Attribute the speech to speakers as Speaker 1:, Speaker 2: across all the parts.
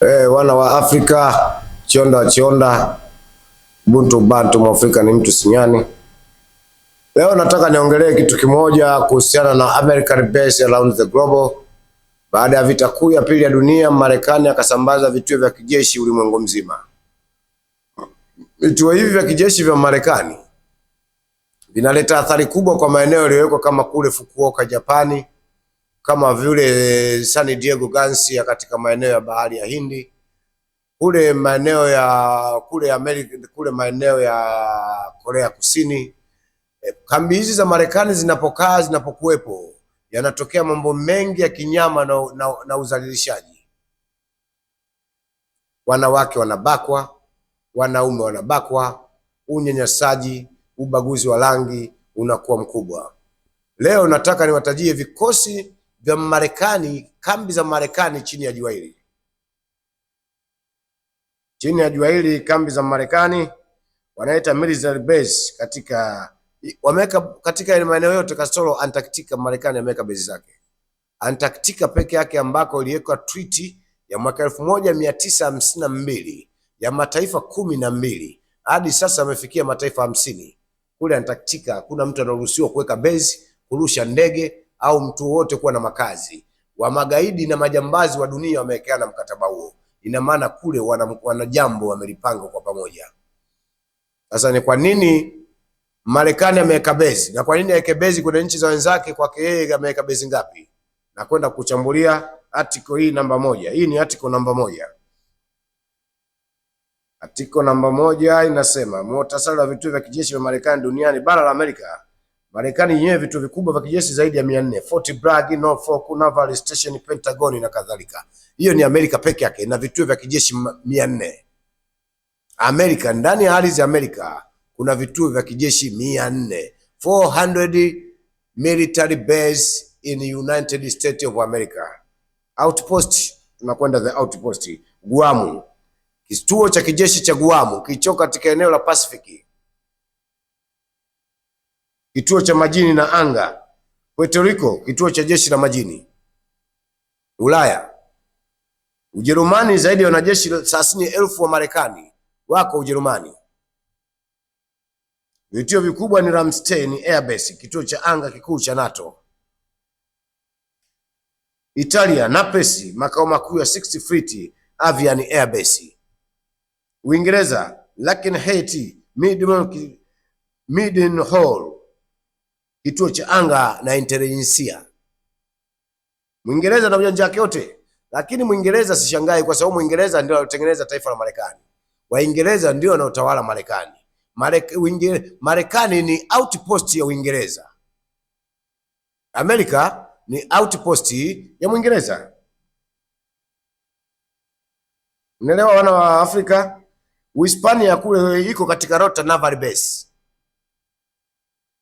Speaker 1: eh, wana wa Afrika chonda chonda, buntu bantu, mwafrika ni mtu sinyani. Leo nataka niongelee kitu kimoja kuhusiana na American base around the globe. Baada ya vita kuu ya pili ya dunia, Marekani akasambaza vituo vya kijeshi ulimwengu mzima. Vituo hivi vya kijeshi vya Marekani vinaleta athari kubwa kwa maeneo yaliyowekwa kama kule Fukuoka, Japani kama vile San Diego Gansi ya katika maeneo ya bahari ya Hindi kule maeneo ya kule Amerika, kule maeneo ya Korea Kusini. E, kambi hizi za Marekani zinapokaa zinapokuwepo, yanatokea mambo mengi ya kinyama na, na, na uzalilishaji. Wanawake wanabakwa, wanaume wanabakwa, unyanyasaji, ubaguzi wa rangi unakuwa mkubwa. Leo nataka niwatajie vikosi vya Marekani, kambi za Marekani chini ya jua hili, chini ya jua hili, kambi za Marekani wanaita military base katika wameweka katika maeneo yote kasoro Antarctica. Marekani ameweka base zake Antarctica peke yake, ambako iliwekwa treaty ya mwaka elfu moja mia tisa hamsini na mbili ya mataifa kumi na mbili hadi sasa amefikia mataifa hamsini kule Antarctica. Hakuna mtu anaruhusiwa kuweka base, kurusha ndege au mtu wote kuwa na makazi. Wa magaidi na majambazi wa dunia wamewekeana mkataba huo, ina maana kule wana, wana jambo wamelipanga kwa pamoja. Sasa ni kwa nini Marekani ameweka bezi na kwa nini aweke bezi kwenye nchi za wenzake? Kwake yeye ameweka bezi ngapi? Na kwenda kuchambulia article hii namba moja. Hii ni article namba moja. Article namba moja inasema muhtasari wa vituo vya kijeshi vya Marekani duniani bara la Amerika Marekani yenyewe vitu vikubwa vya kijeshi zaidi ya 400, Fort Bragg, Norfolk, Naval Station, Pentagon na kadhalika. Hiyo ni Amerika peke yake na vituo vya kijeshi 400. Amerika ndani ya ardhi ya Amerika kuna vituo vya kijeshi 400. 400 military base in United States of America. Outpost tunakwenda the outpost Guam. Kituo cha kijeshi cha Guam kilicho katika eneo la Pacific kituo cha majini na anga; Puerto Rico, kituo cha jeshi la majini. Ulaya, Ujerumani, zaidi ya wanajeshi thelathini elfu wa Marekani wako Ujerumani. Vituo vikubwa ni Ramstein Air Base, kituo cha anga kikuu cha NATO. Italia, Naples, makao makuu ya 60 Fleet Avian Air Base. Uingereza, Lakenheath Middenhall kituo cha anga na intelijensia. Mwingereza na ujanja wake yote, lakini Mwingereza sishangai, kwa sababu Mwingereza ndio anatengeneza taifa la Marekani. Waingereza ndio wanaotawala Marekani. Marekani ni outpost ya Uingereza. Amerika ni outpost ya Mwingereza. Unaelewa wana wa Afrika? Uhispania kule iko katika Rota Naval Base.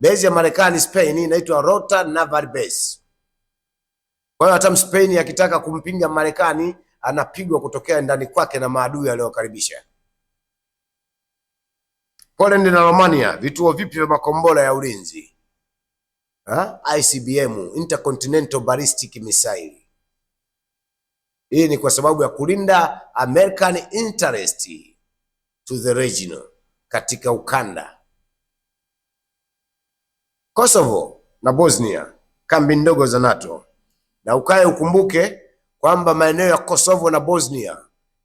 Speaker 1: Base ya Marekani Spain inaitwa Rota Naval Base. Kwa hiyo hata Spain akitaka kumpinga Marekani anapigwa kutokea ndani kwake na maadui aliyokaribisha. Poland na Romania, vituo vipi vya makombora ya ulinzi ha? ICBM, Intercontinental Ballistic Missile. Hii ni kwa sababu ya kulinda American interest to the region, katika ukanda Kosovo na Bosnia, kambi ndogo za NATO, na ukae ukumbuke kwamba maeneo ya Kosovo na Bosnia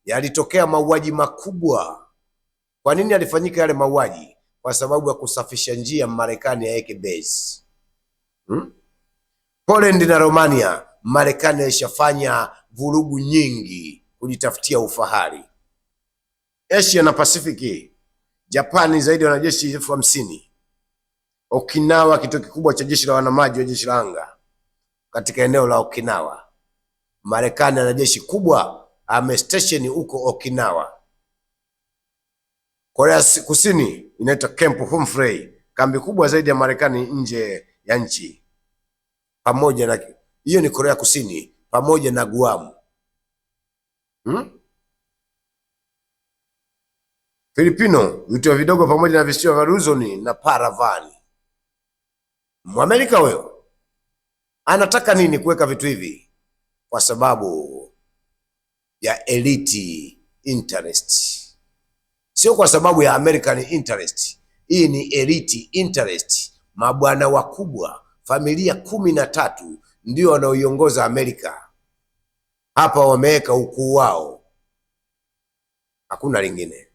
Speaker 1: yalitokea mauaji makubwa. Kwa nini yalifanyika yale mauaji? Kwa sababu ya kusafisha njia Marekani yaweke base hmm? Poland na Romania, Marekani yalishafanya vurugu nyingi kujitafutia ufahari. Asia na Pasifiki, Japani zaidi ya wanajeshi elfu hamsini Okinawa, kituo kikubwa cha jeshi la wanamaji wa jeshi la anga katika eneo la Okinawa. Marekani ana jeshi kubwa, amestation huko Okinawa. Korea Kusini inaitwa Camp Humphrey, kambi kubwa zaidi ya Marekani nje ya nchi, pamoja na hiyo ni Korea Kusini pamoja na Guam hmm? Filipino, vituo vidogo pamoja na visiwa vya Luzon na Paravani. Mwamerika huyo anataka nini kuweka vitu hivi? Kwa sababu ya elite interest, sio kwa sababu ya American interest. Hii ni elite interest, mabwana wakubwa, familia kumi na tatu ndio wanaoiongoza Amerika. Hapa wameweka ukuu wao, hakuna lingine,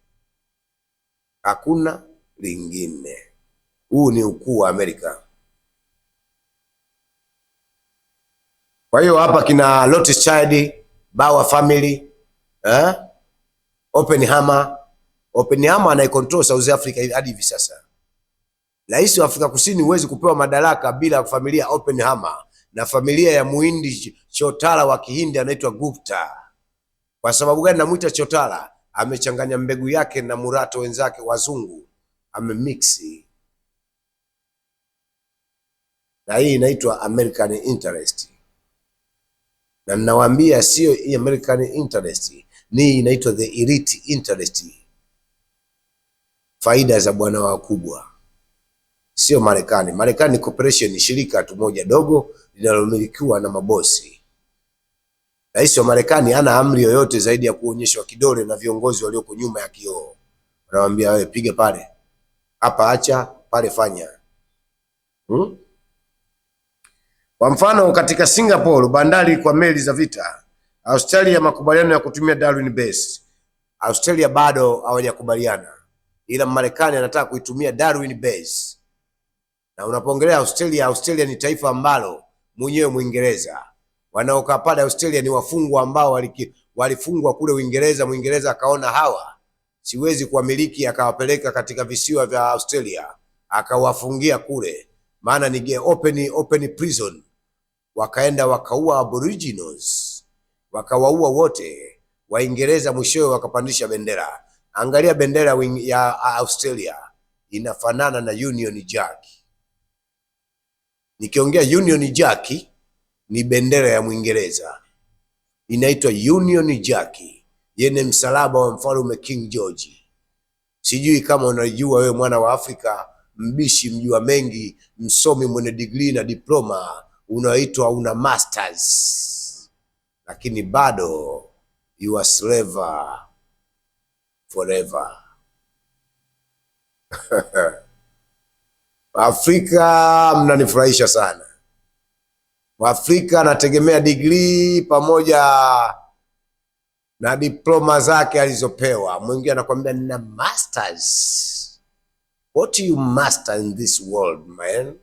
Speaker 1: hakuna lingine. Huu ni ukuu wa Amerika. Kwa hiyo hapa kina Lotus Child, Bawa Family, eh? Hammer anai control South Africa hadi hivi sasa. Rais wa Afrika Kusini huwezi kupewa madaraka bila familia Hammer na familia ya Muhindi chotala wa Kihindi anaitwa Gupta. Kwa sababu gani namuita Chotala? Amechanganya mbegu yake na murato wenzake wazungu, amemiksi, na hii inaitwa American interest na ninawaambia sio American interest, ni inaitwa the elite interest. Faida za bwana wakubwa, sio Marekani. Marekani corporation, ni shirika tu moja dogo linalomilikiwa na mabosi. Rais wa Marekani hana amri yoyote zaidi ya kuonyeshwa kidole na viongozi walioko nyuma ya kioo, wanamwambia wewe, piga pale, hapa acha pale, fanya hmm? Kwa mfano, katika Singapore bandari kwa meli za vita. Australia makubaliano ya kutumia Darwin Base. Australia bado hawajakubaliana, ila Marekani anataka kuitumia Darwin Base. Na unapoongelea Australia, Australia ni taifa ambalo mwenyewe Mwingereza wanaokaa pale Australia ni wafungwa ambao walifungwa kule Uingereza. Mwingereza akaona hawa siwezi kuwamiliki, akawapeleka katika visiwa vya Australia akawafungia kule maana ni open, open prison. Wakaenda wakaua aboriginals, wakawaua wote. Waingereza mwishowe wakapandisha bendera. Angalia bendera ya Australia inafanana na Union Jack. Nikiongea Union Jack ni bendera ya Mwingereza, inaitwa Union Jack yenye msalaba wa mfalme King George. Sijui kama unajua wewe mwana wa Afrika mbishi, mjua mengi, msomi mwenye degree na diploma, unaitwa una masters, lakini bado you are slave forever. Afrika mnanifurahisha sana. waafrika anategemea degree pamoja na diploma zake alizopewa. Mwingine anakuambia nina masters. What you master in this world man?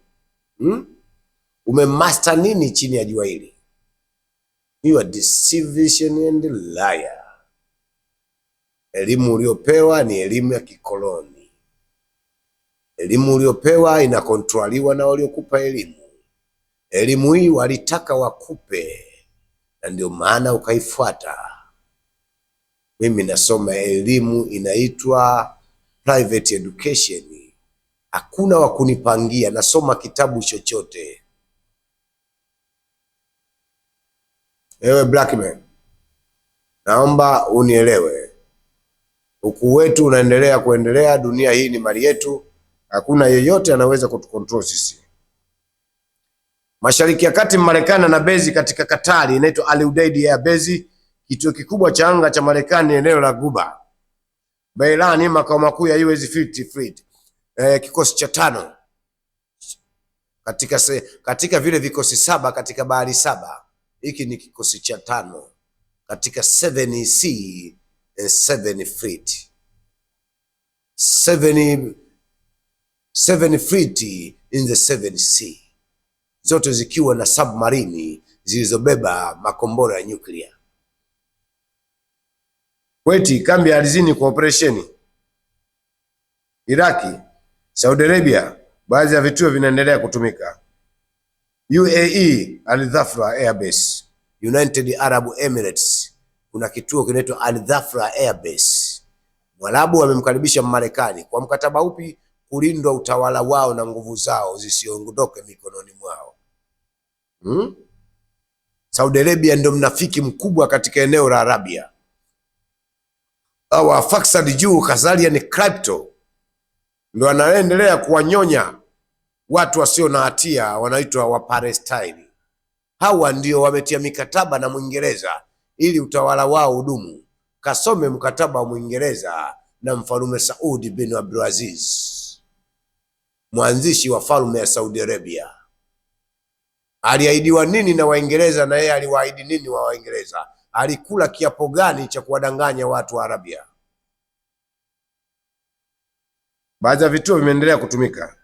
Speaker 1: Hmm? Umemaster nini chini ya jua hili? You are deception and liar. Elimu uliopewa ni elimu ya kikoloni. Elimu uliopewa inakontroliwa na waliokupa elimu. Elimu hii walitaka wakupe, na ndio maana ukaifuata. Mimi nasoma elimu inaitwa private education hakuna wa kunipangia, nasoma kitabu chochote. Ewe Blackman, naomba unielewe, ukuu wetu unaendelea kuendelea. Dunia hii ni mali yetu, hakuna yeyote anaweza kutukontrol sisi. Mashariki ya Kati, Marekani na bezi katika Katari inaitwa Al Udeid ya bezi, kituo kikubwa cha anga cha Marekani eneo la Guba. Beirani, makao makuu ya US eh, kikosi cha tano katika, se, katika vile vikosi saba katika bahari saba, hiki ni kikosi cha tano katika 7 sea e and 7 e fleet. 7 7 e, fleet in the 7 sea, zote zikiwa na submarini zilizobeba makombora ya nyuklia. Kuwait kambi ya ardhini kwa operesheni Iraki Saudi Arabia, baadhi ya vituo vinaendelea kutumika. UAE, Al Dhafra Airbase, United Arab Emirates, kuna kituo kinaitwa Al Dhafra Airbase. Mwarabu wamemkaribisha Marekani kwa mkataba upi? Kulindwa utawala wao na nguvu zao zisiondoke mikononi mwao. Hmm? Saudi Arabia ndio mnafiki mkubwa katika eneo la Arabia. Hawa Faksad juu kazalia ni crypto ndo anaendelea kuwanyonya watu wasio na hatia, wanaitwa Wapalestina. Hawa ndio wametia mikataba na Mwingereza ili utawala wao udumu. Kasome mkataba wa Mwingereza na mfalume Saudi bin Abdulaziz, mwanzishi wa falume ya Saudi Arabia. Aliahidiwa nini na Waingereza? Na yeye aliwaahidi nini wa Waingereza? Alikula kiapo gani cha kuwadanganya watu wa Arabia? Baadhi ya vituo vimeendelea kutumika.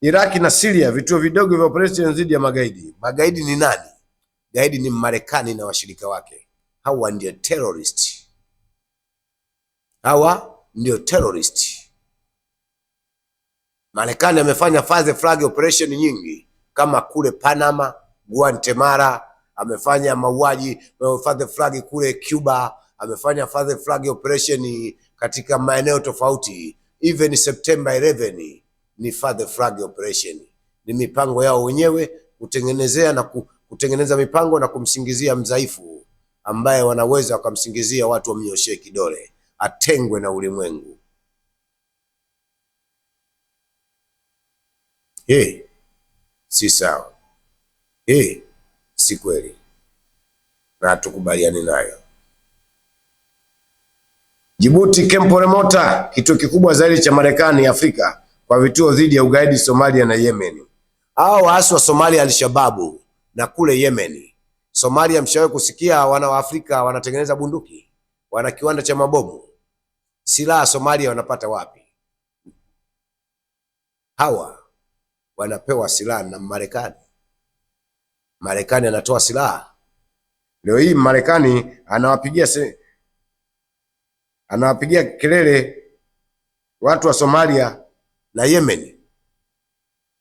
Speaker 1: Iraki na Siria, vituo vidogo vya operesheni dhidi ya magaidi. Magaidi ni nani? Gaidi ni Marekani na washirika wake. Hawa ndio terrorist, hawa ndio terrorist. Marekani amefanya faze flag operation nyingi kama kule Panama, Guantemala, amefanya mauaji eh, faze flag kule Cuba, amefanya faze flag operation katika maeneo tofauti even September 11 ni Father Flag operation, ni mipango yao wenyewe kutengenezea na kutengeneza mipango na kumsingizia mdhaifu ambaye wanaweza wakamsingizia watu wamnyoshee kidole atengwe na ulimwengu. Hey, si sawa. Hey, si kweli na tukubaliane nayo. Jibuti Kempo kituo kikubwa zaidi cha Marekani Afrika kwa vituo dhidi ya ugaidi Somalia na Yemen. Hao waasi wa Somalia Alshababu na kule Yemen. Somalia, mshawahi kusikia wana wa Afrika wanatengeneza bunduki, wana kiwanda cha mabomu. Silaha Somalia wanapata wapi? Hawa wanapewa silaha na Marekani. Marekani anatoa silaha. Leo hii Marekani anawapigia anawapigia kelele watu wa Somalia na Yemen,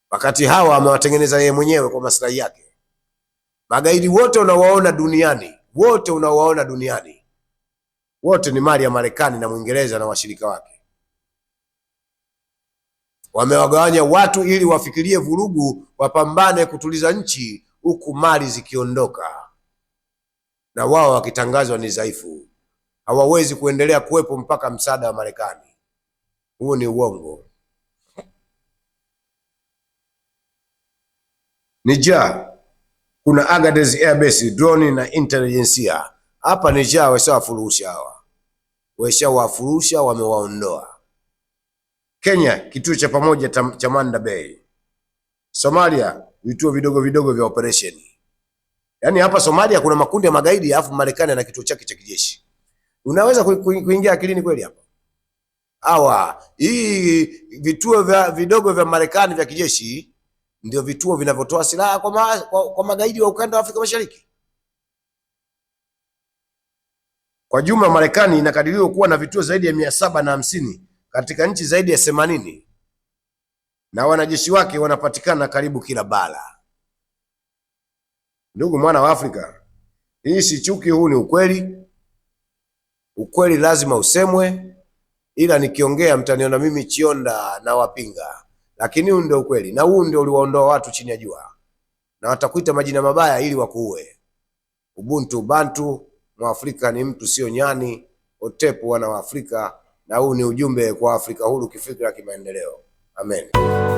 Speaker 1: wakati hawa amewatengeneza yeye mwenyewe kwa maslahi yake. Magaidi wote unawaona duniani, wote unawaona duniani, wote ni mali ya Marekani na Mwingereza na washirika wake. Wamewagawanya watu ili wafikirie vurugu, wapambane kutuliza nchi, huku mali zikiondoka na wao wakitangazwa ni dhaifu hawawezi kuendelea kuwepo mpaka msaada wa Marekani. Huo ni uongo. Niger kuna Agadez airbase drone na intelligence hapa Niger, washawafurusha hawa, washawafurusha wamewaondoa. Kenya kituo cha pamoja cha Manda Bay. Somalia vituo vidogo vidogo vya operation. Yaani hapa Somalia kuna makundi ya magaidi, alafu Marekani ana kituo chake cha kijeshi. Unaweza kuingia akilini kweli hapa? Hawa hii vituo vya vidogo vya Marekani vya kijeshi ndio vituo vinavyotoa silaha kwa, ma, kwa, kwa magaidi wa ukanda wa Afrika Mashariki. Kwa jumla, Marekani inakadiriwa kuwa na vituo zaidi ya mia saba na hamsini katika nchi zaidi ya themanini na wanajeshi wake wanapatikana karibu kila bara. Ndugu mwana wa Afrika, hii si chuki, huu ni ukweli. Ukweli lazima usemwe, ila nikiongea mtaniona mimi Chionda na wapinga, lakini huu ndio ukweli, na huu ndio uliwaondoa watu chini ya jua, na watakuita majina mabaya ili wakuue. Ubuntu, Bantu, Mwafrika ni mtu sio nyani. Otepu wana Waafrika, na huu ni ujumbe kwa Afrika huru kifikra, kimaendeleo. Amen.